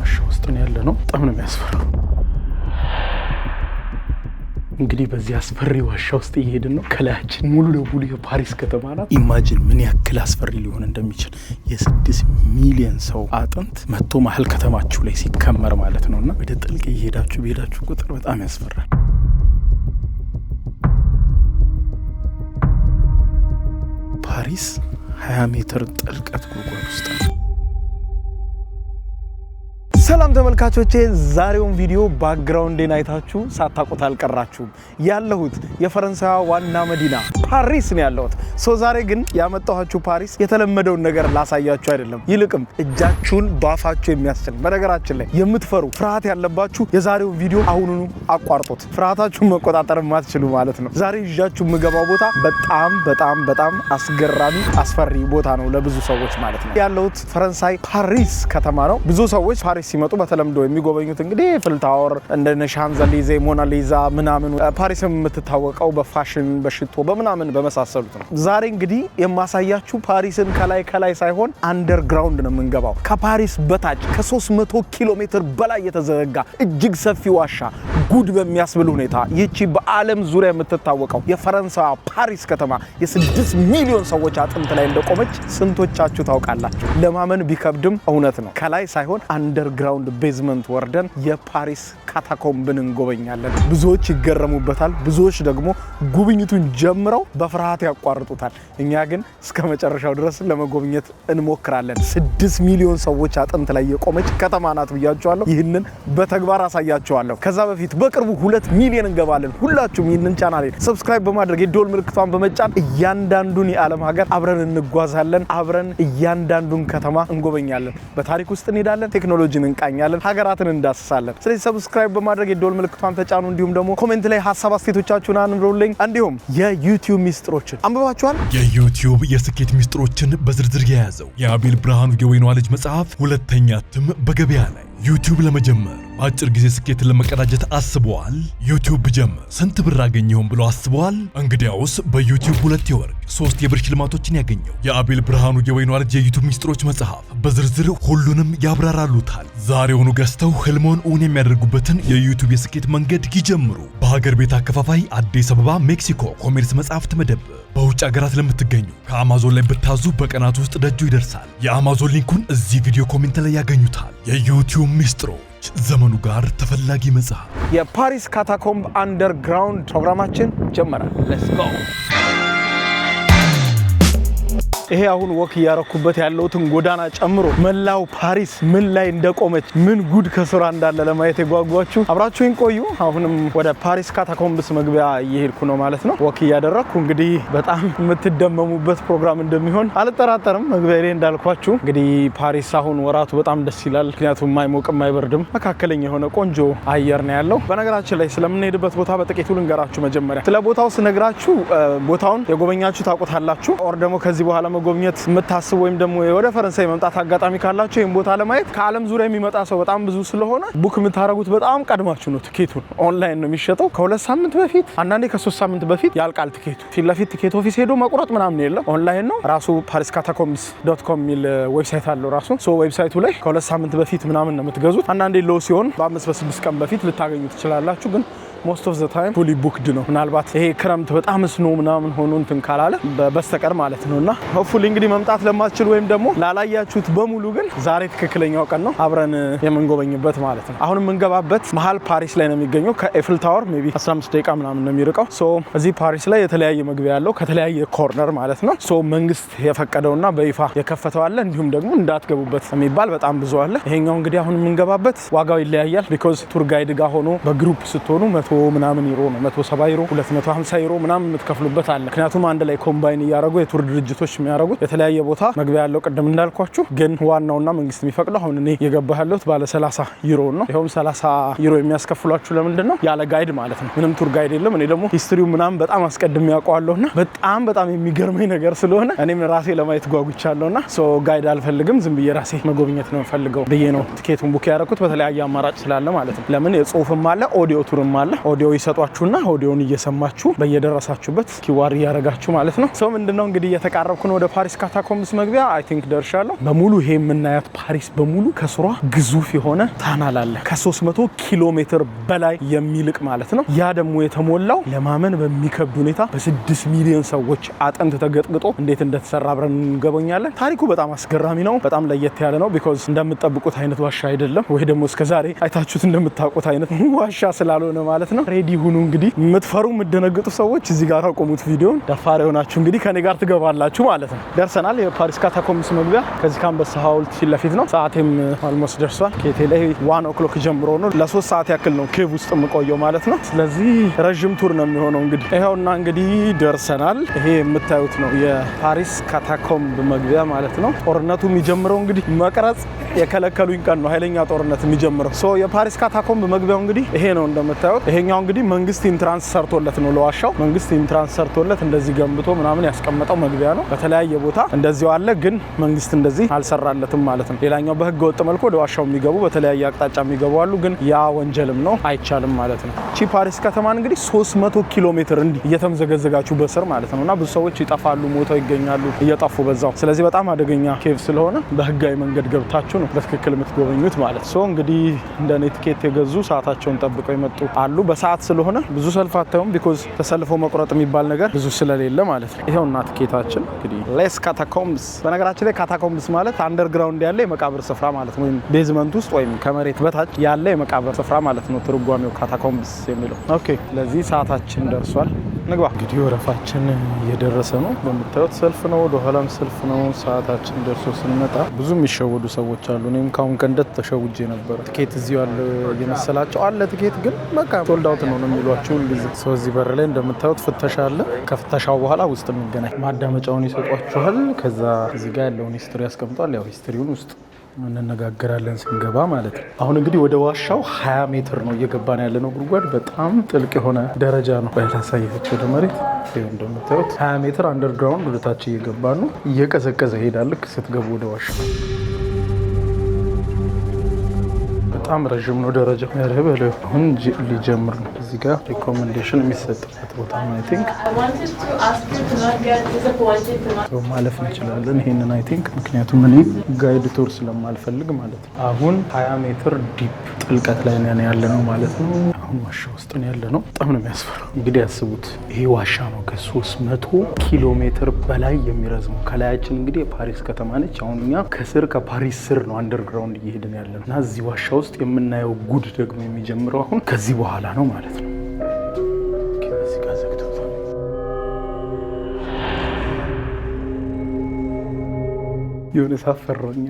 ዋሻ ውስጥ ነው ያለ ነው። በጣም ነው የሚያስፈራው። እንግዲህ በዚህ አስፈሪ ዋሻ ውስጥ እየሄድን ነው። ከላያችን ሙሉ ለሙሉ የፓሪስ ከተማ ናት። ኢማጂን ምን ያክል አስፈሪ ሊሆን እንደሚችል የስድስት ሚሊዮን ሰው አጥንት መቶ መሀል ከተማችሁ ላይ ሲከመር ማለት ነው። እና ወደ ጥልቅ እየሄዳችሁ በሄዳችሁ ቁጥር በጣም ያስፈራል። ፓሪስ 20 ሜትር ጥልቀት ጉድጓድ ውስጥ ነው። ሰላም ተመልካቾቼ፣ ዛሬውን ቪዲዮ ባክግራውንዴን አይታችሁ ሳታቆት አልቀራችሁም። ያለሁት የፈረንሳይ ዋና መዲና ፓሪስ ነው ያለሁት። ሶ ዛሬ ግን ያመጣኋችሁ ፓሪስ የተለመደውን ነገር ላሳያችሁ አይደለም፣ ይልቅም እጃችሁን ባፋችሁ የሚያስችል በነገራችን ላይ የምትፈሩ ፍርሃት ያለባችሁ የዛሬውን ቪዲዮ አሁኑኑ አቋርጡት፣ ፍርሃታችሁን መቆጣጠር የማትችሉ ማለት ነው። ዛሬ እጃችሁ የምገባው ቦታ በጣም በጣም በጣም አስገራሚ አስፈሪ ቦታ ነው፣ ለብዙ ሰዎች ማለት ነው። ያለሁት ፈረንሳይ ፓሪስ ከተማ ነው። ብዙ ሰዎች ፓሪስ ሲመጡ በተለምዶ የሚጎበኙት እንግዲህ ፍልታወር እንደ ሻንዘሊዜ፣ ሞናሊዛ ምናምን ፓሪስ የምትታወቀው በፋሽን በሽቶ በምናምን በመሳሰሉት ነው። ዛሬ እንግዲህ የማሳያችሁ ፓሪስን ከላይ ከላይ ሳይሆን አንደርግራውንድ ነው የምንገባው። ከፓሪስ በታች ከ300 ኪሎ ሜትር በላይ የተዘረጋ እጅግ ሰፊ ዋሻ ጉድ በሚያስብል ሁኔታ ይቺ በዓለም ዙሪያ የምትታወቀው የፈረንሳ ፓሪስ ከተማ የስድስት ሚሊዮን ሰዎች አጥንት ላይ እንደቆመች ስንቶቻችሁ ታውቃላችሁ? ለማመን ቢከብድም እውነት ነው። ከላይ ሳይሆን አንደርግራውንድ ግራውንድ ቤዝመንት ወርደን የፓሪስ ካታኮምብን እንጎበኛለን። ብዙዎች ይገረሙበታል፣ ብዙዎች ደግሞ ጉብኝቱን ጀምረው በፍርሃት ያቋርጡታል። እኛ ግን እስከ መጨረሻው ድረስ ለመጎብኘት እንሞክራለን። ስድስት ሚሊዮን ሰዎች አጥንት ላይ የቆመች ከተማ ናት ብያቸዋለሁ። ይህንን በተግባር አሳያቸዋለሁ። ከዛ በፊት በቅርቡ ሁለት ሚሊዮን እንገባለን። ሁላችሁም ይህንን ቻናል ሰብስክራይብ በማድረግ የዶል ምልክቷን በመጫን እያንዳንዱን የዓለም ሀገር አብረን እንጓዛለን። አብረን እያንዳንዱን ከተማ እንጎበኛለን። በታሪክ ውስጥ እንሄዳለን። ቴክኖሎጂን እንቃኛለን፣ ሀገራትን እንዳስሳለን። ስለዚህ ሰብስክራይብ በማድረግ የደወል ምልክቷን ተጫኑ። እንዲሁም ደግሞ ኮሜንት ላይ ሀሳብ አስቴቶቻችሁን አንብሩልኝ። እንዲሁም የዩቲዩብ ሚስጥሮችን አንብባችኋል። የዩቲዩብ የስኬት ሚስጥሮችን በዝርዝር የያዘው የአቤል ብርሃኑ የወይኗ ልጅ መጽሐፍ ሁለተኛ እትም በገበያ ላይ ዩቲዩብ ለመጀመር በአጭር ጊዜ ስኬትን ለመቀዳጀት አስበዋል? ዩቲዩብ ብጀምር ስንት ብር አገኘሁም ብለው አስበዋል? እንግዲያውስ በዩቲዩብ ሁለት የወርቅ ሶስት የብር ሽልማቶችን ያገኘው የአቤል ብርሃኑ የወይኗ ልጅ የዩቲዩብ ሚስጥሮች መጽሐፍ በዝርዝር ሁሉንም ያብራራሉታል። ዛሬውኑ ገዝተው ህልሞን እውን የሚያደርጉበትን የዩቲዩብ የስኬት መንገድ ይጀምሩ። በሀገር ቤት አከፋፋይ አዲስ አበባ ሜክሲኮ ኮሜርስ መጽሐፍት መደብ በውጭ ሀገራት ለምትገኙ ከአማዞን ላይ ብታዙ በቀናት ውስጥ ደጁ ይደርሳል። የአማዞን ሊንኩን እዚህ ቪዲዮ ኮሜንት ላይ ያገኙታል። የዩቲዩብ ሚስጥሮች ዘመኑ ጋር ተፈላጊ መጽሐፍ የፓሪስ ካታኮምብ አንደርግራውንድ ፕሮግራማችን ጀመራል። ሌትስ ጎ ይሄ አሁን ወክ እያረኩበት ያለሁትን ጎዳና ጨምሮ መላው ፓሪስ ምን ላይ እንደቆመች ምን ጉድ ከስራ እንዳለ ለማየት የጓጓችሁ አብራችሁኝ ቆዩ። አሁንም ወደ ፓሪስ ካታኮምብስ መግቢያ እየሄድኩ ነው ማለት ነው፣ ወክ እያደረግኩ እንግዲህ በጣም የምትደመሙበት ፕሮግራም እንደሚሆን አልጠራጠርም። መግቢያ ላይ እንዳልኳችሁ እንግዲህ ፓሪስ አሁን ወራቱ በጣም ደስ ይላል፣ ምክንያቱም አይሞቅም አይበርድም፣ መካከለኛ የሆነ ቆንጆ አየር ነው ያለው። በነገራችን ላይ ስለምንሄድበት ቦታ በጥቂቱ ልንገራችሁ። መጀመሪያ ስለ ቦታው ስነግራችሁ ቦታውን የጎበኛችሁ ታውቁታላችሁ ኦር ደግሞ ከዚህ በኋላ ለመጎብኘት የምታስብ ወይም ደግሞ ወደ ፈረንሳይ መምጣት አጋጣሚ ካላቸው ይህን ቦታ ለማየት ከዓለም ዙሪያ የሚመጣ ሰው በጣም ብዙ ስለሆነ ቡክ የምታደረጉት በጣም ቀድማችሁ ነው። ትኬቱን ኦንላይን ነው የሚሸጠው። ከሁለት ሳምንት በፊት አንዳንዴ ከሶስት ሳምንት በፊት ያልቃል ትኬቱ ፊት ለፊት ትኬት ኦፊስ ሄዶ መቁረጥ ምናምን የለም። ኦንላይን ነው ራሱ ፓሪስ ካታኮምስ ዶት ኮም የሚል ዌብሳይት አለው ራሱ ዌብሳይቱ ላይ ከሁለት ሳምንት በፊት ምናምን ነው የምትገዙት። አንዳንዴ ሎ ሲሆን በአምስት በስድስት ቀን በፊት ልታገኙ ትችላላችሁ ግን ሞስት ኦፍ ዘ ታይም ፉሊ ቡክድ ነው። ምናልባት ይሄ ክረምት በጣም ስኖ ምናምን ሆኖ እንትን ካላለ በስተቀር ማለት ነው እና ሆፕፉሊ እንግዲህ መምጣት ለማትችል ወይም ደግሞ ላላያችሁት በሙሉ ግን ዛሬ ትክክለኛው ቀን ነው አብረን የምንጎበኝበት ማለት ነው። አሁን የምንገባበት መሀል ፓሪስ ላይ ነው የሚገኘው። ከኤፍል ታወር ሜይ ቢ 15 ደቂቃ ምናምን ነው የሚርቀው። ሶ እዚህ ፓሪስ ላይ የተለያየ መግቢያ ያለው ከተለያየ ኮርነር ማለት ነው። ሶ መንግስት የፈቀደውና በይፋ የከፈተው አለ፣ እንዲሁም ደግሞ እንዳትገቡበት የሚባል በጣም ብዙ አለ። ይሄኛው እንግዲህ አሁን የምንገባበት ዋጋው ይለያያል። ቢኮዝ ቱር ጋይድ ጋር ሆኖ በግሩፕ ስትሆኑ መቶ ምናምን ዩሮ ነው 170 ዩሮ 250 ዩሮ ምናምን የምትከፍሉበት አለ። ምክንያቱም አንድ ላይ ኮምባይን እያደረጉ የቱር ድርጅቶች የሚያደረጉት የተለያየ ቦታ መግቢያ ያለው ቅድም እንዳልኳችሁ፣ ግን ዋናውና መንግስት የሚፈቅደው አሁን እኔ የገባ ያለሁት ባለ 30 ዩሮ ነው። ይኸውም 30 ዩሮ የሚያስከፍሏችሁ ለምንድን ነው? ያለ ጋይድ ማለት ነው። ምንም ቱር ጋይድ የለም። እኔ ደግሞ ሂስትሪው ምናምን በጣም አስቀድሜ ያውቀዋለሁ እና በጣም በጣም የሚገርመኝ ነገር ስለሆነ እኔም ራሴ ለማየት ጓጉቻለሁ እና ሶ ጋይድ አልፈልግም፣ ዝም ብዬ ራሴ መጎብኘት ነው የምፈልገው ብዬ ነው ትኬቱን ቡክ ያደረኩት በተለያየ አማራጭ ስላለ ማለት ነው። ለምን የጽሁፍም አለ ኦዲዮ ቱርም አለ ኦዲዮ ይሰጧችሁና ኦዲዮን እየሰማችሁ በየደረሳችሁበት ኪዋር እያደረጋችሁ ማለት ነው። ሰው ምንድነው እንግዲህ እየተቃረብኩ ነው ወደ ፓሪስ ካታኮምስ መግቢያ አይ ቲንክ ደርሻለሁ። በሙሉ ይሄ የምናያት ፓሪስ በሙሉ ከስሯ ግዙፍ የሆነ ታናል አለ ከ300 ኪሎ ሜትር በላይ የሚልቅ ማለት ነው። ያ ደግሞ የተሞላው ለማመን በሚከብድ ሁኔታ በስድስት ሚሊዮን ሰዎች አጥንት ተገጥግጦ እንዴት እንደተሰራ አብረን እንገበኛለን። ታሪኩ በጣም አስገራሚ ነው። በጣም ለየት ያለ ነው። ቢኮዝ እንደምጠብቁት አይነት ዋሻ አይደለም ወይ ደግሞ እስከዛሬ አይታችሁት እንደምታውቁት አይነት ዋሻ ስላልሆነ ማለት ማለት ነው። ሬዲ ሁኑ እንግዲህ የምትፈሩ የምደነግጡ ሰዎች እዚህ ጋር አቆሙት ቪዲዮን። ደፋር የሆናችሁ እንግዲህ ከኔ ጋር ትገባላችሁ ማለት ነው። ደርሰናል። የፓሪስ ካታኮምስ መግቢያ ከዚህ ከአንበሳ ሐውልት ፊት ለፊት ነው። ሰዓቴም አልሞስት ደርሷል። ኬቴ ላይ ዋን ኦክሎክ ጀምሮ ነው ለሶስት ሰዓት ያክል ነው ኬቭ ውስጥ የምቆየው ማለት ነው። ስለዚህ ረዥም ቱር ነው የሚሆነው እንግዲህ ይኸውና እንግዲህ ደርሰናል። ይሄ የምታዩት ነው የፓሪስ ካታኮምብ መግቢያ ማለት ነው። ጦርነቱ የሚጀምረው እንግዲህ መቅረጽ የከለከሉኝ ቀን ነው ኃይለኛ ጦርነት የሚጀምረው። የፓሪስ ካታኮምብ መግቢያው እንግዲህ ይሄ ነው እንደምታዩት ይሄኛው እንግዲህ መንግስት ኢንትራንስ ሰርቶለት ነው ለዋሻው መንግስት ኢንትራንስ ሰርቶለት እንደዚህ ገንብቶ ምናምን ያስቀመጠው መግቢያ ነው። በተለያየ ቦታ እንደዚሁ አለ፣ ግን መንግስት እንደዚህ አልሰራለትም ማለት ነው። ሌላኛው በህገ ወጥ መልኩ ወደ ዋሻው የሚገቡ በተለያየ አቅጣጫ የሚገቡ አሉ፣ ግን ያ ወንጀልም ነው አይቻልም ማለት ነው። እቺ ፓሪስ ከተማን እንግዲህ 300 ኪሎ ሜትር እንዲህ እየተምዘገዘጋችሁ በስር ማለት ነው እና ብዙ ሰዎች ይጠፋሉ፣ ሞተው ይገኛሉ እየጠፉ በዛው። ስለዚህ በጣም አደገኛ ኬቭ ስለሆነ በህጋዊ መንገድ ገብታችሁ ነው በትክክል የምትጎበኙት ማለት ሶ እንግዲህ እንደኔ ቲኬት የገዙ ሰዓታቸውን ጠብቀው የመጡ አሉ በሰዓት ስለሆነ ብዙ ሰልፍ አታዩም። ቢኮዝ ተሰልፎ መቁረጥ የሚባል ነገር ብዙ ስለሌለ ማለት ነው። ይሄው እና ትኬታችን እንግዲህ ሌስ ካታኮምብስ። በነገራችን ላይ ካታኮምብስ ማለት አንደርግራውንድ ያለ የመቃብር ስፍራ ማለት ነው፣ ወይም ቤዝመንት ውስጥ ወይም ከመሬት በታች ያለ የመቃብር ስፍራ ማለት ነው ትርጓሜው ካታኮምብስ የሚለው ኦኬ። ለዚህ ሰዓታችን ደርሷል። ንግባ። እንግዲህ ወረፋችን እየደረሰ ነው። በምታዩት ሰልፍ ነው፣ ወደኋላም ሰልፍ ነው። ሰዓታችን ደርሶ ስንመጣ ብዙ የሚሸወዱ ሰዎች አሉ። እኔም ካሁን ቀን ተሸውጄ ነበረ። ትኬት እዚሁ ያለ የመሰላቸው አለ ትኬት ግን በቃ ሶልዳውት ነው ነው የሚሏቸው ሁልጊዜ ሰው። እዚህ በር ላይ እንደምታዩት ፍተሻ አለ። ከፍተሻው በኋላ ውስጥ የሚገናኝ ማዳመጫውን ይሰጧችኋል። ከዛ እዚህ ጋር ያለውን ሂስትሪ ያስቀምጧል። ያው ሂስትሪውን ውስጥ እንነጋገራለን ስንገባ ማለት ነው። አሁን እንግዲህ ወደ ዋሻው 20 ሜትር ነው እየገባን ያለ ነው። ጉድጓድ በጣም ጥልቅ የሆነ ደረጃ ነው። ባይላሳየች ወደ መሬት እንደምታዩት 20 ሜትር አንደርግራውንድ ወደታች እየገባን ነው። እየቀዘቀዘ ይሄዳል ስትገቡ ወደ ዋሻው በጣም ረዥም ነው ደረጃ። ኧረ በለው አሁን ሊጀምር ነው። እዚህ ጋር ሪኮመንዴሽን የሚሰጥበት ቦታ ነው። አይ ቲንክ ማለፍ እንችላለን ይሄንን አይ ቲንክ ምክንያቱም እኔ ጋይድ ቱር ስለማልፈልግ ማለት ነው። አሁን 20 ሜትር ዲፕ ጥልቀት ላይ ነን ያለ ነው ማለት ነው። አሁን ዋሻ ውስጥ ነው ያለ ነው። በጣም ነው የሚያስፈራው። እንግዲህ ያስቡት ይሄ ዋሻ ነው ከ300 ኪሎ ሜትር በላይ የሚረዝመው። ከላያችን እንግዲህ የፓሪስ ከተማ ነች። አሁን እኛ ከስር ከፓሪስ ስር ነው አንደርግራውንድ እየሄድን ያለ ነው እና እዚህ ዋሻ ውስጥ የምናየው ጉድ ደግሞ የሚጀምረው አሁን ከዚህ በኋላ ነው ማለት ነው። የሆነ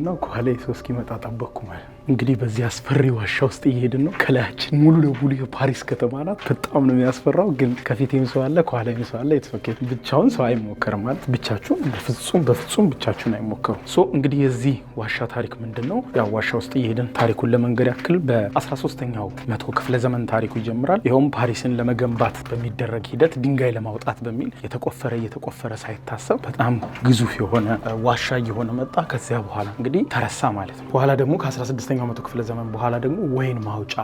ና ከኋላ ሰው እስኪመጣ ጠበቅኩ ማለት እንግዲህ በዚህ አስፈሪ ዋሻ ውስጥ እየሄድን ነው። ከላያችን ሙሉ ለሙሉ የፓሪስ ከተማ ናት። በጣም ነው የሚያስፈራው። ግን ከፊቴም ሰው አለ፣ ከኋላም ሰው አለ። የተፈኬት ብቻውን ሰው አይሞከር ማለት ብቻችሁን፣ በፍጹም በፍጹም ብቻችሁን አይሞከሩ። ሶ እንግዲህ የዚህ ዋሻ ታሪክ ምንድን ነው? ያው ዋሻ ውስጥ እየሄድን ታሪኩን ለመንገድ ያክል በ13ኛው መቶ ክፍለ ዘመን ታሪኩ ይጀምራል። ይኸውም ፓሪስን ለመገንባት በሚደረግ ሂደት ድንጋይ ለማውጣት በሚል የተቆፈረ እየተቆፈረ ሳይታሰብ በጣም ግዙፍ የሆነ ዋሻ እየሆነ መጣ። መጣ። ከዚያ በኋላ እንግዲህ ተረሳ ማለት ነው። በኋላ ደግሞ ከ16ኛው መቶ ክፍለ ዘመን በኋላ ደግሞ ወይን ማውጫ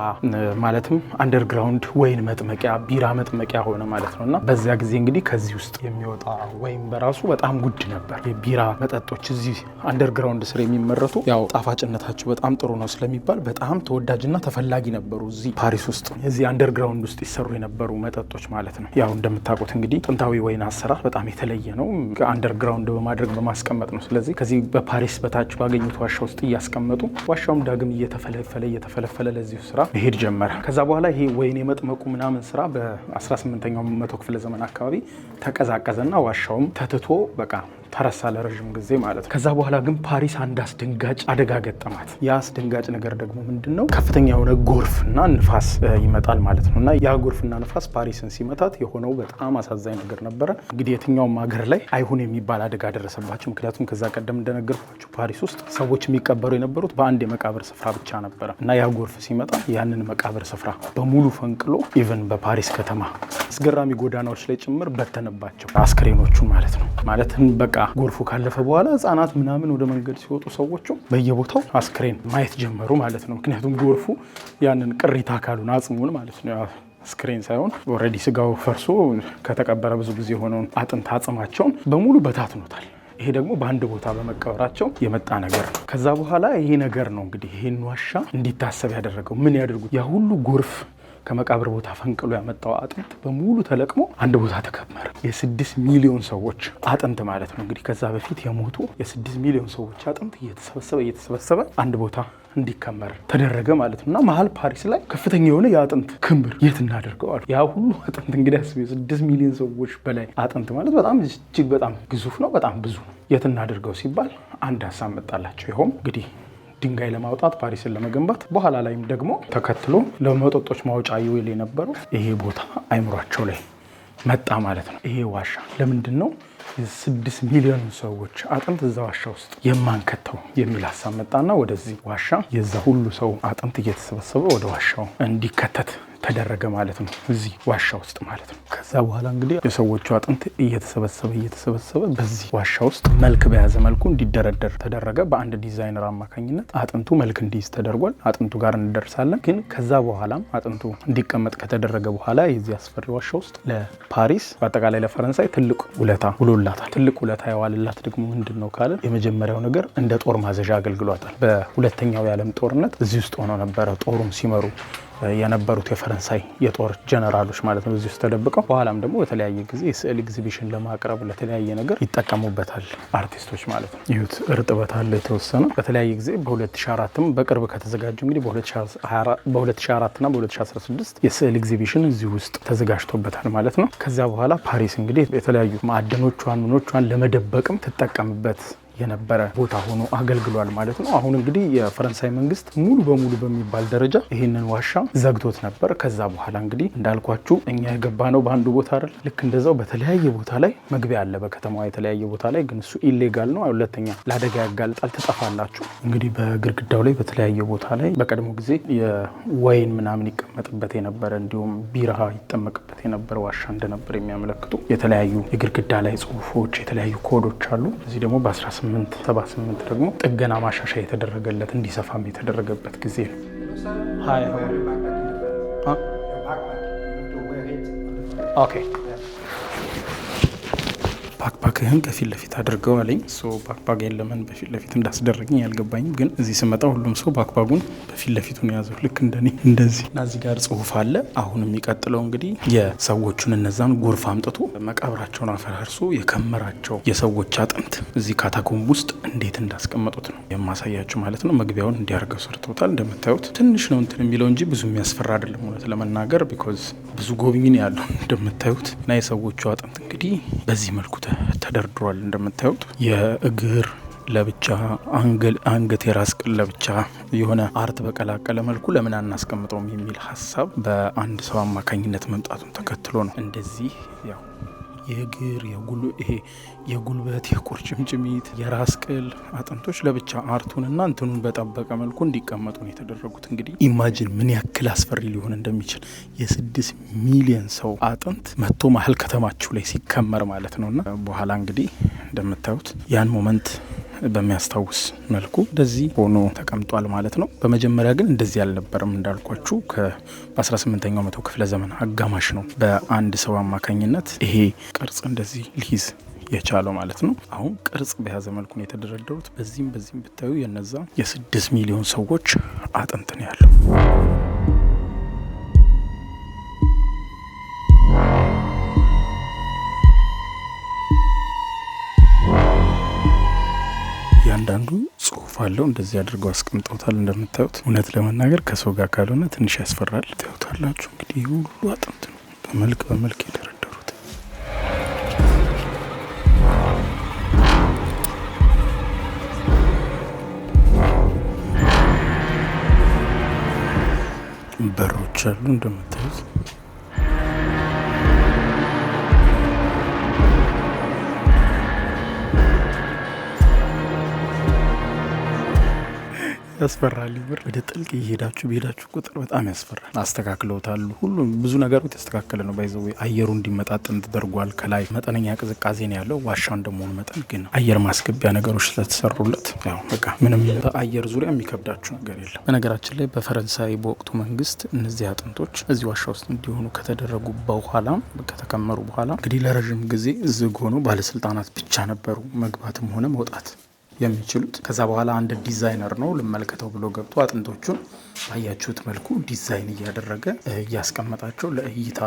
ማለትም አንደርግራውንድ ወይን መጥመቂያ፣ ቢራ መጥመቂያ ሆነ ማለት ነው እና በዚያ ጊዜ እንግዲህ ከዚህ ውስጥ የሚወጣ ወይን በራሱ በጣም ጉድ ነበር። የቢራ መጠጦች እዚህ አንደርግራውንድ ስር የሚመረቱ ያው ጣፋጭነታቸው በጣም ጥሩ ነው ስለሚባል በጣም ተወዳጅና ተፈላጊ ነበሩ። እዚህ ፓሪስ ውስጥ እዚህ አንደርግራውንድ ውስጥ ይሰሩ የነበሩ መጠጦች ማለት ነው። ያው እንደምታውቁት እንግዲህ ጥንታዊ ወይን አሰራር በጣም የተለየ ነው። አንደርግራውንድ በማድረግ በማስቀመጥ ነው። ስለዚህ ከዚህ በፓሪስ በታች ባገኙት ዋሻ ውስጥ እያስቀመጡ ዋሻውም ዳግም እየተፈለፈለ እየተፈለፈለ ለዚሁ ስራ መሄድ ጀመረ። ከዛ በኋላ ይሄ ወይን የመጥመቁ ምናምን ስራ በ18ኛው መቶ ክፍለ ዘመን አካባቢ ተቀዛቀዘና ዋሻውም ተትቶ በቃ ተረሳ ለረዥም ጊዜ ማለት ነው። ከዛ በኋላ ግን ፓሪስ አንድ አስደንጋጭ አደጋ ገጠማት። ያ አስደንጋጭ ነገር ደግሞ ምንድን ነው? ከፍተኛ የሆነ ጎርፍና ንፋስ ይመጣል ማለት ነው። እና ያ ጎርፍና ንፋስ ፓሪስን ሲመታት የሆነው በጣም አሳዛኝ ነገር ነበረ። እንግዲህ የትኛውም ሀገር ላይ አይሁን የሚባል አደጋ ደረሰባቸው። ምክንያቱም ከዛ ቀደም እንደነገርኳቸው ፓሪስ ውስጥ ሰዎች የሚቀበሩ የነበሩት በአንድ የመቃብር ስፍራ ብቻ ነበረ እና ያ ጎርፍ ሲመጣ ያንን መቃብር ስፍራ በሙሉ ፈንቅሎ ኢቨን በፓሪስ ከተማ አስገራሚ ጎዳናዎች ላይ ጭምር በተነባቸው አስክሬኖቹን ማለት ነው ማለትም በቃ ጎርፉ ካለፈ በኋላ ህጻናት ምናምን ወደ መንገድ ሲወጡ ሰዎቹ በየቦታው አስክሬን ማየት ጀመሩ ማለት ነው። ምክንያቱም ጎርፉ ያንን ቅሪታ አካሉን አጽሙን ማለት ነው ስክሪን ሳይሆን ኦልሬዲ ስጋው ፈርሶ ከተቀበረ ብዙ ጊዜ የሆነውን አጥንት አጽማቸውን በሙሉ በታትኖታል። ይሄ ደግሞ በአንድ ቦታ በመቀበራቸው የመጣ ነገር ነው። ከዛ በኋላ ይሄ ነገር ነው እንግዲህ ይህን ዋሻ እንዲታሰብ ያደረገው ምን ያደርጉት ያ ሁሉ ጎርፍ ከመቃብር ቦታ ፈንቅሎ ያመጣው አጥንት በሙሉ ተለቅሞ አንድ ቦታ ተከመረ። የስድስት ሚሊዮን ሰዎች አጥንት ማለት ነው። እንግዲህ ከዛ በፊት የሞቱ የስድስት ሚሊዮን ሰዎች አጥንት እየተሰበሰበ እየተሰበሰበ አንድ ቦታ እንዲከመር ተደረገ ማለት ነው እና መሀል ፓሪስ ላይ ከፍተኛ የሆነ የአጥንት ክምር የት እናደርገዋል? ያ ሁሉ አጥንት እንግዲህ የስድስት ሚሊዮን ሰዎች በላይ አጥንት ማለት በጣም እጅግ በጣም ግዙፍ ነው። በጣም ብዙ ነው። የት እናደርገው ሲባል አንድ ሀሳብ መጣላቸው። ይኸውም እንግዲህ ድንጋይ ለማውጣት ፓሪስን ለመገንባት በኋላ ላይም ደግሞ ተከትሎ ለመጠጦች ማውጫ ይውል የነበረው ይሄ ቦታ አይምሯቸው ላይ መጣ ማለት ነው። ይሄ ዋሻ ለምንድን ነው ስድስት ሚሊዮን ሰዎች አጥንት እዛ ዋሻ ውስጥ የማንከተው የሚል ሀሳብ መጣና ወደዚህ ዋሻ የዛ ሁሉ ሰው አጥንት እየተሰበሰበ ወደ ዋሻው እንዲከተት ተደረገ ማለት ነው፣ እዚህ ዋሻ ውስጥ ማለት ነው። ከዛ በኋላ እንግዲህ የሰዎቹ አጥንት እየተሰበሰበ እየተሰበሰበ በዚህ ዋሻ ውስጥ መልክ በያዘ መልኩ እንዲደረደር ተደረገ። በአንድ ዲዛይነር አማካኝነት አጥንቱ መልክ እንዲይዝ ተደርጓል። አጥንቱ ጋር እንደርሳለን። ግን ከዛ በኋላም አጥንቱ እንዲቀመጥ ከተደረገ በኋላ የዚህ አስፈሪ ዋሻ ውስጥ ለፓሪስ በአጠቃላይ ለፈረንሳይ ትልቅ ውለታ ውሎላታል። ትልቅ ውለታ የዋልላት ደግሞ ምንድን ነው ካለ የመጀመሪያው ነገር እንደ ጦር ማዘዣ አገልግሏታል። በሁለተኛው የዓለም ጦርነት እዚህ ውስጥ ሆነው ነበረ ጦሩም ሲመሩ የነበሩት የፈረንሳይ የጦር ጀነራሎች ማለት ነው። እዚህ ውስጥ ተደብቀው በኋላም ደግሞ በተለያየ ጊዜ የስዕል ኤግዚቢሽን ለማቅረብ ለተለያየ ነገር ይጠቀሙበታል አርቲስቶች ማለት ነው። ይሁት እርጥበት አለ የተወሰነ በተለያየ ጊዜ በ2004ም በቅርብ ከተዘጋጀ እንግዲህ በ2004ና በ2016 የስዕል ኤግዚቢሽን እዚህ ውስጥ ተዘጋጅቶበታል ማለት ነው። ከዚያ በኋላ ፓሪስ እንግዲህ የተለያዩ ማዕድኖቿን ምኖቿን ለመደበቅም ትጠቀምበት የነበረ ቦታ ሆኖ አገልግሏል ማለት ነው። አሁን እንግዲህ የፈረንሳይ መንግስት ሙሉ በሙሉ በሚባል ደረጃ ይህንን ዋሻ ዘግቶት ነበር። ከዛ በኋላ እንግዲህ እንዳልኳችሁ እኛ የገባ ነው በአንዱ ቦታ አይደል፣ ልክ እንደዛው በተለያየ ቦታ ላይ መግቢያ አለ በከተማዋ የተለያየ ቦታ ላይ ግን እሱ ኢሌጋል ነው። ሁለተኛ ለአደጋ ያጋልጣል፣ ትጠፋላችሁ። እንግዲህ በግድግዳው ላይ በተለያየ ቦታ ላይ በቀድሞ ጊዜ የወይን ምናምን ይቀመጥበት የነበረ እንዲሁም ቢራ ይጠመቅበት የነበረ ዋሻ እንደነበር የሚያመለክቱ የተለያዩ የግድግዳ ላይ ጽሁፎች የተለያዩ ኮዶች አሉ። እዚህ ደግሞ በ18 ስምንት ሰባ ስምንት ደግሞ ጥገና ማሻሻያ የተደረገለት እንዲሰፋም የተደረገበት ጊዜ ነው። ኦኬ ባክፓክህን ከፊት ለፊት አድርገው አለኝ። ባክፓጌን የለመን በፊት ለፊት እንዳስደረግኝ ያልገባኝም፣ ግን እዚህ ስመጣ ሁሉም ሰው ባክፓጉን በፊት ለፊቱ ነው የያዘው፣ ልክ እንደኔ እንደዚህ እና እዚህ ጋር ጽሁፍ አለ። አሁን የሚቀጥለው እንግዲህ የሰዎቹን እነዛን ጎርፍ አምጥቶ መቃብራቸውን አፈራርሶ የከመራቸው የሰዎች አጥንት እዚህ ካታኮምብ ውስጥ እንዴት እንዳስቀመጡት ነው የማሳያቸው ማለት ነው። መግቢያውን እንዲያርገው ሰርተውታል። እንደምታዩት ትንሽ ነው እንትን የሚለው እንጂ ብዙ የሚያስፈራ አይደለም እውነት ለመናገር ቢኮዝ ብዙ ጎብኝን ያለው እንደምታዩት እና የሰዎቹ አጥንት እንግዲህ በዚህ መልኩ ተደርድሯል። እንደምታዩት የእግር ለብቻ አንገት የራስ ቅል ለብቻ የሆነ አርት በቀላቀለ መልኩ ለምን አናስቀምጠውም የሚል ሀሳብ በአንድ ሰው አማካኝነት መምጣቱን ተከትሎ ነው እንደዚህ ያው የእግር ይሄ የጉልበት የቁርጭምጭሚት የራስ ቅል አጥንቶች ለብቻ አርቱንና እንትኑን በጠበቀ መልኩ እንዲቀመጡ ነው የተደረጉት። እንግዲህ ኢማጂን ምን ያክል አስፈሪ ሊሆን እንደሚችል የስድስት ሚሊዮን ሰው አጥንት መጥቶ መሀል ከተማችሁ ላይ ሲከመር ማለት ነውና በኋላ እንግዲህ እንደምታዩት ያን ሞመንት በሚያስታውስ መልኩ እንደዚህ ሆኖ ተቀምጧል ማለት ነው። በመጀመሪያ ግን እንደዚህ አልነበረም እንዳልኳችሁ በ18ኛው መቶ ክፍለ ዘመን አጋማሽ ነው በአንድ ሰው አማካኝነት ይሄ ቅርጽ እንደዚህ ሊይዝ የቻለው ማለት ነው። አሁን ቅርጽ በያዘ መልኩ ነው የተደረደሩት። በዚህም በዚህም ብታዩ የነዛ የስድስት ሚሊዮን ሰዎች አጥንት ነው ያለው። አንዳንዱ ጽሁፍ አለው እንደዚህ አድርገው አስቀምጠውታል። እንደምታዩት እውነት ለመናገር ከሰው ጋር ካልሆነ ትንሽ ያስፈራል። ታዩታላችሁ እንግዲህ ሁሉ አጥንት ነው በመልክ በመልክ የደረደሩት። በሮች አሉ እንደምታዩት ያስፈራል። ይምር ወደ ጥልቅ እየሄዳችሁ በሄዳችሁ ቁጥር በጣም ያስፈራል። አስተካክለውታሉ። ሁሉም ብዙ ነገር የተስተካከለ ነው። ባይዘ አየሩ እንዲመጣጠን ተደርጓል። ከላይ መጠነኛ ቅዝቃዜ ነው ያለው። ዋሻ እንደመሆኑ መጠን ግን አየር ማስገቢያ ነገሮች ስለተሰሩለት ያው በቃ ምንም በአየር ዙሪያ የሚከብዳችሁ ነገር የለም። በነገራችን ላይ በፈረንሳይ በወቅቱ መንግስት እነዚህ አጥንቶች እዚህ ዋሻ ውስጥ እንዲሆኑ ከተደረጉ በኋላ ከተከመሩ በኋላ እንግዲህ ለረዥም ጊዜ ዝግ ሆኖ ባለስልጣናት ብቻ ነበሩ መግባትም ሆነ መውጣት የሚችሉት። ከዛ በኋላ አንድ ዲዛይነር ነው ልመልከተው ብሎ ገብቶ አጥንቶቹን ባያችሁት መልኩ ዲዛይን እያደረገ እያስቀመጣቸው ለእይታ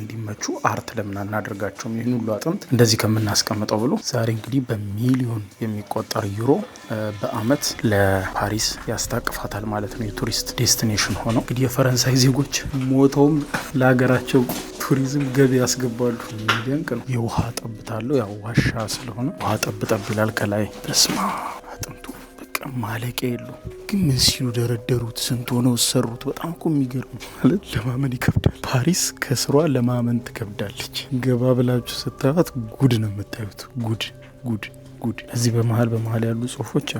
እንዲመቹ አርት ለምን አናደርጋቸውም? ይህን ሁሉ አጥንት እንደዚህ ከምናስቀምጠው ብሎ ዛሬ እንግዲህ በሚሊዮን የሚቆጠር ዩሮ በአመት ለፓሪስ ያስታቅፋታል ማለት ነው። የቱሪስት ዴስቲኔሽን ሆነው እንግዲህ የፈረንሳይ ዜጎች ሞተውም ለሀገራቸው ቱሪዝም ገቢ ያስገባሉ። የሚደንቅ ነው። የውሃ ጠብታለሁ። ያው ዋሻ ስለሆነ ውሃ ጠብጠብ ይላል ከላይ። በስማ ማለቂያ የሉ። ግን ምን ሲሉ ደረደሩት? ስንት ሆነው ሰሩት? በጣም እኮ የሚገርሙ ማለት ለማመን ይከብዳል። ፓሪስ ከስሯ ለማመን ትከብዳለች። ገባ ብላችሁ ስታዩት ጉድ ነው የምታዩት። ጉድ ጉድ ጉድ። እዚህ በመሀል በመሀል ያሉ ጽሁፎች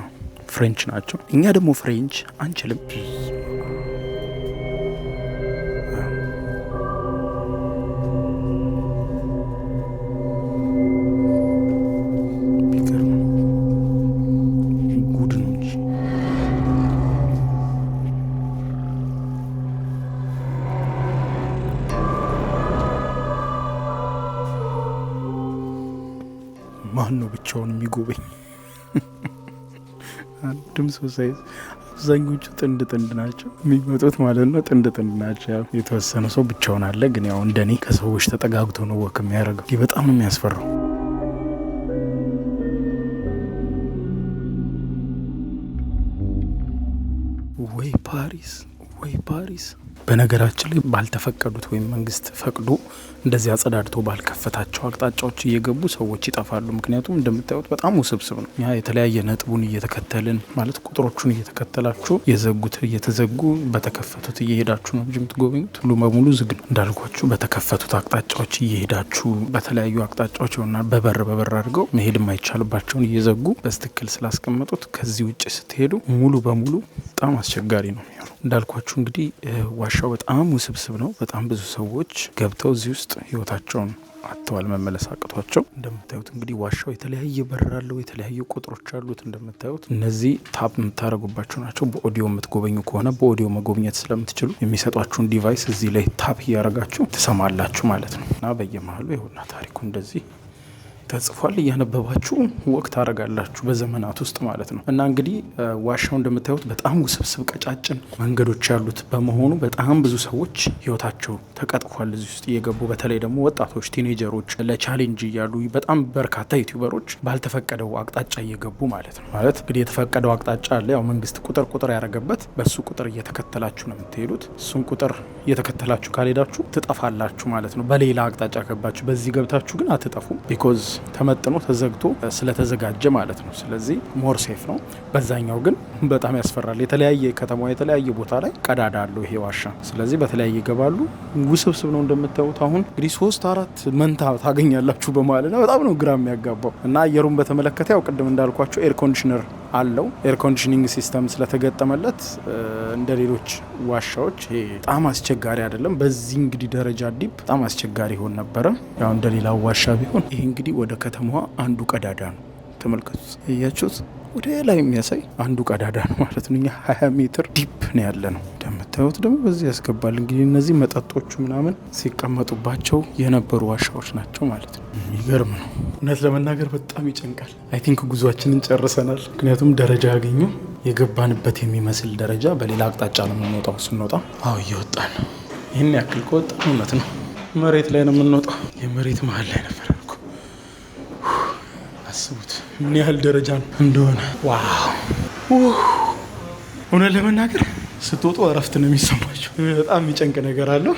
ፍሬንች ናቸው። እኛ ደግሞ ፍሬንች አንችልም። ሰው ሳይዝ አብዛኞቹ ጥንድ ጥንድ ናቸው የሚመጡት ማለት ነው። ጥንድ ጥንድ ናቸው። ያው የተወሰነ ሰው ብቻውን አለ፣ ግን ያው እንደኔ ከሰዎች ተጠጋግቶ ነው ወክ የሚያደርገው። ይህ በጣም ነው የሚያስፈራው። ወይ ፓሪስ ወይ ፓሪስ። በነገራችን ላይ ባልተፈቀዱት ወይም መንግስት ፈቅዶ እንደዚህ አጸዳድቶ ባልከፈታቸው አቅጣጫዎች እየገቡ ሰዎች ይጠፋሉ። ምክንያቱም እንደምታዩት በጣም ውስብስብ ነው። ያ የተለያየ ነጥቡን እየተከተልን ማለት ቁጥሮቹን እየተከተላችሁ የዘጉት እየተዘጉ በተከፈቱት እየሄዳችሁ ነው እንጂ የምትጎበኙት ሙሉ በሙሉ ዝግ ነው እንዳልኳችሁ። በተከፈቱት አቅጣጫዎች እየሄዳችሁ በተለያዩ አቅጣጫዎች ሆና በበር በበር አድርገው መሄድ የማይቻልባቸውን እየዘጉ በስትክል ስላስቀመጡት ከዚህ ውጭ ስትሄዱ ሙሉ በሙሉ በጣም አስቸጋሪ ነው የሚሆነው። እንዳልኳችሁ እንግዲህ ዋሻው በጣም ውስብስብ ነው። በጣም ብዙ ሰዎች ገብተው እዚህ ውስጥ ህይወታቸውን አጥተዋል፣ መመለስ አቅቷቸው። እንደምታዩት እንግዲህ ዋሻው የተለያየ በር አለው፣ የተለያዩ ቁጥሮች አሉት። እንደምታዩት እነዚህ ታፕ የምታደረጉባቸው ናቸው። በኦዲዮ የምትጎበኙ ከሆነ በኦዲዮ መጎብኘት ስለምትችሉ የሚሰጧችሁን ዲቫይስ እዚህ ላይ ታፕ እያደረጋችሁ ትሰማላችሁ ማለት ነው እና በየመሀሉ ይሁና ታሪኩ እንደዚህ ተጽፏል እያነበባችሁ ወቅት አረጋላችሁ በዘመናት ውስጥ ማለት ነው። እና እንግዲህ ዋሻው እንደምታዩት በጣም ውስብስብ ቀጫጭን መንገዶች ያሉት በመሆኑ በጣም ብዙ ሰዎች ህይወታቸው ተቀጥፏል እዚህ ውስጥ እየገቡ በተለይ ደግሞ ወጣቶች፣ ቲኔጀሮች ለቻሌንጅ እያሉ በጣም በርካታ ዩቲዩበሮች ባልተፈቀደው አቅጣጫ እየገቡ ማለት ነው። ማለት እንግዲህ የተፈቀደው አቅጣጫ አለ። ያው መንግስት ቁጥር ቁጥር ያደረገበት በሱ ቁጥር እየተከተላችሁ ነው የምትሄዱት። እሱን ቁጥር እየተከተላችሁ ካልሄዳችሁ ትጠፋላችሁ ማለት ነው። በሌላ አቅጣጫ ገባችሁ፣ በዚህ ገብታችሁ ግን አትጠፉም ቢኮዝ ተመጥኖ ተዘግቶ ስለተዘጋጀ ማለት ነው። ስለዚህ ሞር ሴፍ ነው። በዛኛው ግን በጣም ያስፈራል። የተለያየ ከተማ የተለያየ ቦታ ላይ ቀዳዳ አለው ይሄ ዋሻ። ስለዚህ በተለያየ ይገባሉ። ውስብስብ ነው እንደምታዩት። አሁን እንግዲህ ሶስት አራት መንታ ታገኛላችሁ በማለዳ በጣም ነው ግራ የሚያጋባው። እና አየሩን በተመለከተ ያው ቅድም እንዳልኳቸው ኤር ኮንዲሽነር አለው ኤር ኮንዲሽኒንግ ሲስተም ስለተገጠመለት እንደ ሌሎች ዋሻዎች ይሄ በጣም አስቸጋሪ አይደለም። በዚህ እንግዲህ ደረጃ ዲፕ በጣም አስቸጋሪ ይሆን ነበረ። ያው እንደ ሌላው ዋሻ ቢሆን ይሄ እንግዲህ ወደ ከተማዋ አንዱ ቀዳዳ ነው። ተመልከቱት፣ እያችሁት ወደ ላይ የሚያሳይ አንዱ ቀዳዳ ነው ማለት ነው። እኛ ሀያ ሜትር ዲፕ ነው ያለ ነው እንደምታዩት ደግሞ በዚህ ያስገባል። እንግዲህ እነዚህ መጠጦቹ ምናምን ሲቀመጡባቸው የነበሩ ዋሻዎች ናቸው ማለት ነው። ይገርም ነው እውነት ለመናገር በጣም ይጨንቃል። አይ ቲንክ ጉዟችንን ጨርሰናል። ምክንያቱም ደረጃ ያገኙ የገባንበት የሚመስል ደረጃ በሌላ አቅጣጫ ነው የምንወጣው። ስንወጣ አዎ እየወጣ ነው። ይህን ያክል ከወጣ እውነት ነው መሬት ላይ ነው የምንወጣው። የመሬት መሀል ላይ ነበር አስቡት ምን ያህል ደረጃ ነው እንደሆነ። ዋው! እውነት ለመናገር ስትወጡ እረፍት ነው የሚሰማቸው። በጣም የሚጨንቅ ነገር አለው፣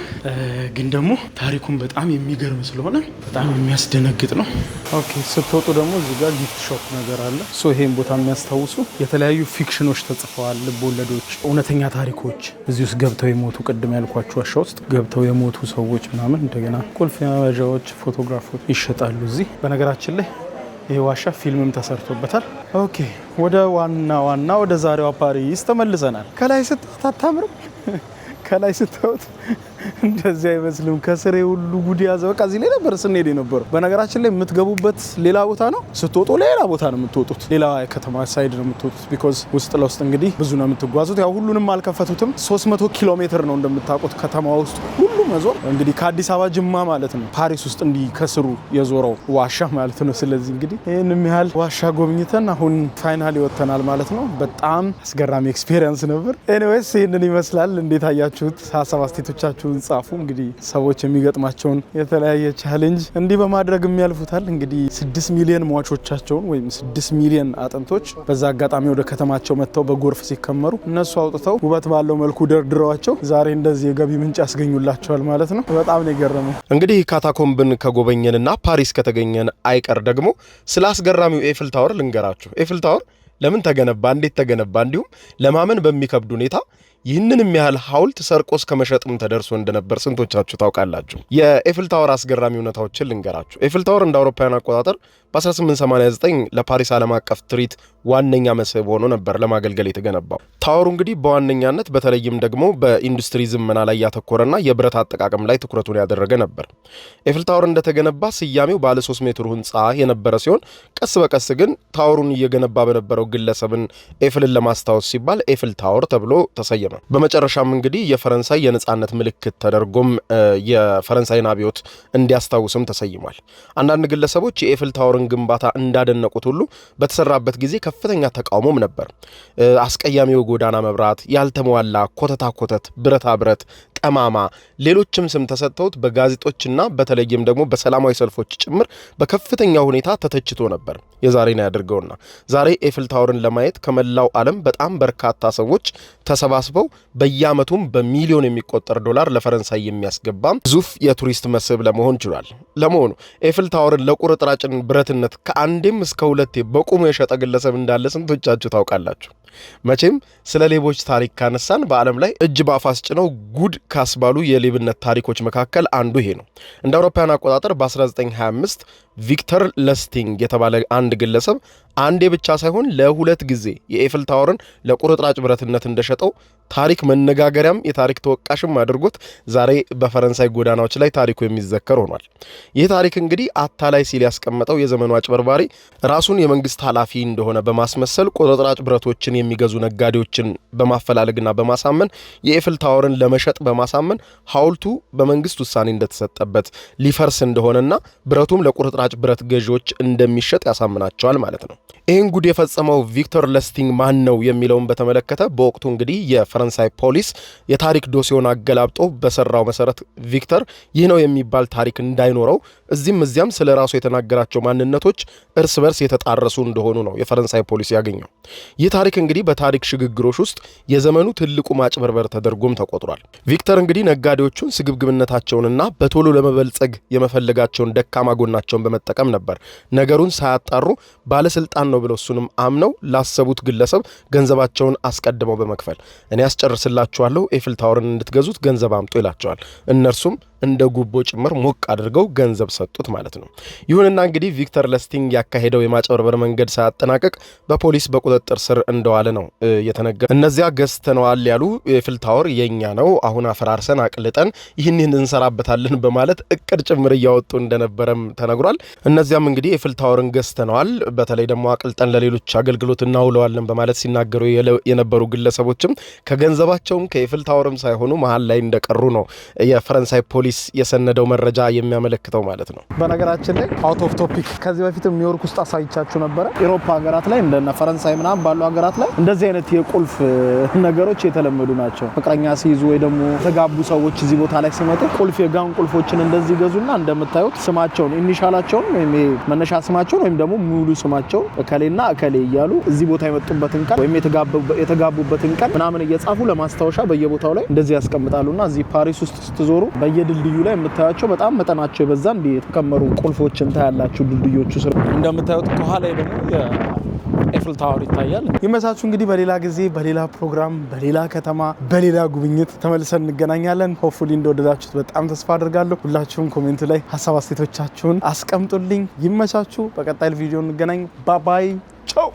ግን ደግሞ ታሪኩን በጣም የሚገርም ስለሆነ በጣም የሚያስደነግጥ ነው። ኦኬ። ስትወጡ ደግሞ እዚህ ጋር ጊፍት ሾፕ ነገር አለ። ሶ ይሄን ቦታ የሚያስታውሱ የተለያዩ ፊክሽኖች ተጽፈዋል፣ ልብ ወለዶች እውነተኛ ታሪኮች እዚህ ውስጥ ገብተው የሞቱ ቅድም ያልኳቸው ዋሻ ውስጥ ገብተው የሞቱ ሰዎች ምናምን፣ እንደገና ቁልፍ መያዣዎች፣ ፎቶግራፎች ይሸጣሉ እዚህ በነገራችን ላይ ይህ ዋሻ ፊልምም ተሰርቶበታል። ኦኬ፣ ወደ ዋና ዋና ወደ ዛሬዋ ፓሪስ ተመልሰናል። ከላይ ስታዩት አታምርም? ከላይ ስታወት እንደዚህ አይመስልም። ከስሬ ሁሉ ጉድ ያዘ። በቃ እዚህ ላይ ነበር ስንሄድ የነበረው። በነገራችን ላይ የምትገቡበት ሌላ ቦታ ነው፣ ስትወጡ ሌላ ቦታ ነው የምትወጡት። ሌላ ከተማ ሳይድ ነው የምትወጡት። ቢኮዝ ውስጥ ለውስጥ እንግዲህ ብዙ ነው የምትጓዙት። ያው ሁሉንም አልከፈቱትም። 300 ኪሎ ሜትር ነው እንደምታውቁት ከተማ ውስጥ መዞር እንግዲህ ከአዲስ አበባ ጅማ ማለት ነው ፓሪስ ውስጥ እንዲህ ከስሩ የዞረው ዋሻ ማለት ነው። ስለዚህ እንግዲህ ይህን ያህል ዋሻ ጎብኝተን አሁን ፋይናል ይወተናል ማለት ነው። በጣም አስገራሚ ኤክስፔሪንስ ነበር። ኤኒዌይስ ይህንን ይመስላል። እንዴት አያችሁት? ሀሳብ አስተያየቶቻችሁን ጻፉ። እንግዲህ ሰዎች የሚገጥማቸውን የተለያየ ቻሌንጅ እንዲህ በማድረግ የሚያልፉታል። እንግዲህ ስድስት ሚሊዮን ሟቾቻቸውን ወይም ስድስት ሚሊዮን አጥንቶች በዛ አጋጣሚ ወደ ከተማቸው መጥተው በጎርፍ ሲከመሩ እነሱ አውጥተው ውበት ባለው መልኩ ደርድረዋቸው ዛሬ እንደዚህ የገቢ ምንጭ ያስገኙላቸዋል ጀምሯል ማለት ነው። በጣም ነው የገረመው። እንግዲህ ካታኮምብን ከጎበኘንና ፓሪስ ከተገኘን አይቀር ደግሞ ስለ አስገራሚው ኤፍል ታወር ልንገራችሁ። ኤፍል ታወር ለምን ተገነባ፣ እንዴት ተገነባ፣ እንዲሁም ለማመን በሚከብድ ሁኔታ ይህንንም ያህል ሐውልት ሰርቆ እስከ መሸጥም ተደርሶ እንደነበር ስንቶቻችሁ ታውቃላችሁ? የኤፍል ታወር አስገራሚ እውነታዎችን ልንገራችሁ። ኤፍል ታወር እንደ አውሮፓውያን አቆጣጠር በ1889 ለፓሪስ ዓለም አቀፍ ትርኢት ዋነኛ መስህብ ሆኖ ነበር ለማገልገል የተገነባው። ታወሩ እንግዲህ በዋነኛነት በተለይም ደግሞ በኢንዱስትሪ ዝመና ላይ ያተኮረና የብረት አጠቃቀም ላይ ትኩረቱን ያደረገ ነበር። ኤፍል ታወር እንደተገነባ ስያሜው ባለ 3 ሜትር ህንፃ የነበረ ሲሆን ቀስ በቀስ ግን ታወሩን እየገነባ በነበረው ግለሰብን ኤፍልን ለማስታወስ ሲባል ኤፍል ታወር ተብሎ ተሰየመ። በመጨረሻም እንግዲህ የፈረንሳይ የነፃነት ምልክት ተደርጎም የፈረንሳይን አብዮት እንዲያስታውስም ተሰይሟል። አንዳንድ ግለሰቦች የኤፍል ታወር የጦርን ግንባታ እንዳደነቁት ሁሉ በተሰራበት ጊዜ ከፍተኛ ተቃውሞም ነበር። አስቀያሚው ጎዳና መብራት፣ ያልተሟላ ኮተታ ኮተት፣ ብረታ ብረት፣ ቀማማ፣ ሌሎችም ስም ተሰጥተውት በጋዜጦችና በተለይም ደግሞ በሰላማዊ ሰልፎች ጭምር በከፍተኛ ሁኔታ ተተችቶ ነበር። የዛሬን ያድርገውና ዛሬ ኤፍል ታወርን ለማየት ከመላው ዓለም በጣም በርካታ ሰዎች ተሰባስበው በየአመቱም በሚሊዮን የሚቆጠር ዶላር ለፈረንሳይ የሚያስገባም ግዙፍ የቱሪስት መስህብ ለመሆን ችሏል። ለመሆኑ ኤፍል ታወርን ለቁርጥራጭን ብረትነት ከአንዴም እስከ ሁለቴ በቁሙ የሸጠ ግለሰብ እንዳለ ስንቶቻችሁ ታውቃላችሁ? መቼም ስለ ሌቦች ታሪክ ካነሳን በዓለም ላይ እጅ በአፍ አስጭነው ጉድ ካስባሉ የሌብነት ታሪኮች መካከል አንዱ ይሄ ነው። እንደ አውሮፓውያን አቆጣጠር በ1925 ቪክተር ለስቲንግ የተባለ አንድ ግለሰብ አንዴ ብቻ ሳይሆን ለሁለት ጊዜ የኤፍል ታወርን ለቁርጥራጭ ብረትነት እንደሸጠው ታሪክ መነጋገሪያም የታሪክ ተወቃሽም አድርጎት ዛሬ በፈረንሳይ ጎዳናዎች ላይ ታሪኩ የሚዘከር ሆኗል። ይህ ታሪክ እንግዲህ አታላይ ሲል ያስቀመጠው የዘመኑ አጭበርባሪ ራሱን የመንግስት ኃላፊ እንደሆነ በማስመሰል ቁርጥራጭ ብረቶችን የሚገዙ ነጋዴዎችን በማፈላለግና በማሳመን የኤፍል ታወርን ለመሸጥ በማሳመን ሐውልቱ በመንግስት ውሳኔ እንደተሰጠበት ሊፈርስ እንደሆነና ብረቱም ለቁርጥራጭ ብረት ገዢዎች እንደሚሸጥ ያሳምናቸዋል ማለት ነው። ይህን ጉድ የፈጸመው ቪክቶር ለስቲንግ ማን ነው የሚለውን በተመለከተ በወቅቱ እንግዲህ የፈረንሳይ ፖሊስ የታሪክ ዶሴውን አገላብጦ በሰራው መሰረት ቪክተር ይህ ነው የሚባል ታሪክ እንዳይኖረው እዚህም እዚያም ስለ ራሱ የተናገራቸው ማንነቶች እርስ በርስ የተጣረሱ እንደሆኑ ነው የፈረንሳይ ፖሊስ ያገኘው። ይህ ታሪክ እንግዲህ በታሪክ ሽግግሮች ውስጥ የዘመኑ ትልቁ ማጭበርበር ተደርጎም ተቆጥሯል። ቪክተር እንግዲህ ነጋዴዎቹን ስግብግብነታቸውንና በቶሎ ለመበልጸግ የመፈለጋቸውን ደካማ ጎናቸውን በመጠቀም ነበር ነገሩን ሳያጣሩ ባለስልጣን ነው ብለው እሱንም አምነው ላሰቡት ግለሰብ ገንዘባቸውን አስቀድመው በመክፈል እኔ ያስጨርስላችኋለሁ ኤፍል ታወርን እንድትገዙት ገንዘብ አምጡ ይላቸዋል። እነርሱም እንደ ጉቦ ጭምር ሞቅ አድርገው ገንዘብ ሰጡት ማለት ነው። ይሁንና እንግዲህ ቪክተር ለስቲንግ ያካሄደው የማጭበርበር መንገድ ሳያጠናቀቅ በፖሊስ በቁጥጥር ስር እንደዋለ ነው የተነገረ። እነዚያ ገዝተነዋል ያሉ የፍልታወር የእኛ ነው፣ አሁን አፈራርሰን አቅልጠን ይህን እንሰራበታለን በማለት እቅድ ጭምር እያወጡ እንደነበረም ተነግሯል። እነዚያም እንግዲህ የፍልታወርን ገዝተነዋል፣ በተለይ ደግሞ አቅልጠን ለሌሎች አገልግሎት እናውለዋለን በማለት ሲናገሩ የነበሩ ግለሰቦችም ከገንዘባቸውም ከየፍልታወርም ሳይሆኑ መሀል ላይ እንደቀሩ ነው የፈረንሳይ ፖሊስ ፖሊስ የሰነደው መረጃ የሚያመለክተው ማለት ነው። በነገራችን ላይ አውት ኦፍ ቶፒክ ከዚህ በፊትም ኒውዮርክ ውስጥ አሳይቻችሁ ነበረ። ኤሮፓ ሀገራት ላይ እንደነ ፈረንሳይ ምናምን ባሉ ሀገራት ላይ እንደዚህ አይነት የቁልፍ ነገሮች የተለመዱ ናቸው። ፍቅረኛ ሲይዙ ወይ ደግሞ የተጋቡ ሰዎች እዚህ ቦታ ላይ ሲመጡ ቁልፍ የጋውን ቁልፎችን እንደዚህ ገዙና እንደምታዩት ስማቸውን ኢኒሻላቸውን ወይም መነሻ ስማቸውን ወይም ደግሞ ሙሉ ስማቸውን እከሌና እከሌ እያሉ እዚህ ቦታ የመጡበትን ቀን ወይም የተጋቡበትን ቀን ምናምን እየጻፉ ለማስታወሻ በየቦታው ላይ እንደዚህ ያስቀምጣሉና እዚህ ፓሪስ ውስጥ ስትዞሩ በየድል ድልድዩ ላይ የምታያቸው በጣም መጠናቸው የበዛ እንዲህ የተከመሩ ቁልፎች እንታያላችሁ። ድልድዮቹ ስር እንደምታዩት ከኋላ ደግሞ ኤፍል ታወር ይታያል። ይመሳችሁ እንግዲህ በሌላ ጊዜ በሌላ ፕሮግራም በሌላ ከተማ በሌላ ጉብኝት ተመልሰን እንገናኛለን። ሆፕፉሊ እንደወደዳችሁት በጣም ተስፋ አድርጋለሁ። ሁላችሁም ኮሜንት ላይ ሀሳብ አስተያየቶቻችሁን አስቀምጡልኝ። ይመቻችሁ። በቀጣይ ቪዲዮ እንገናኝ። ባባይ ቸው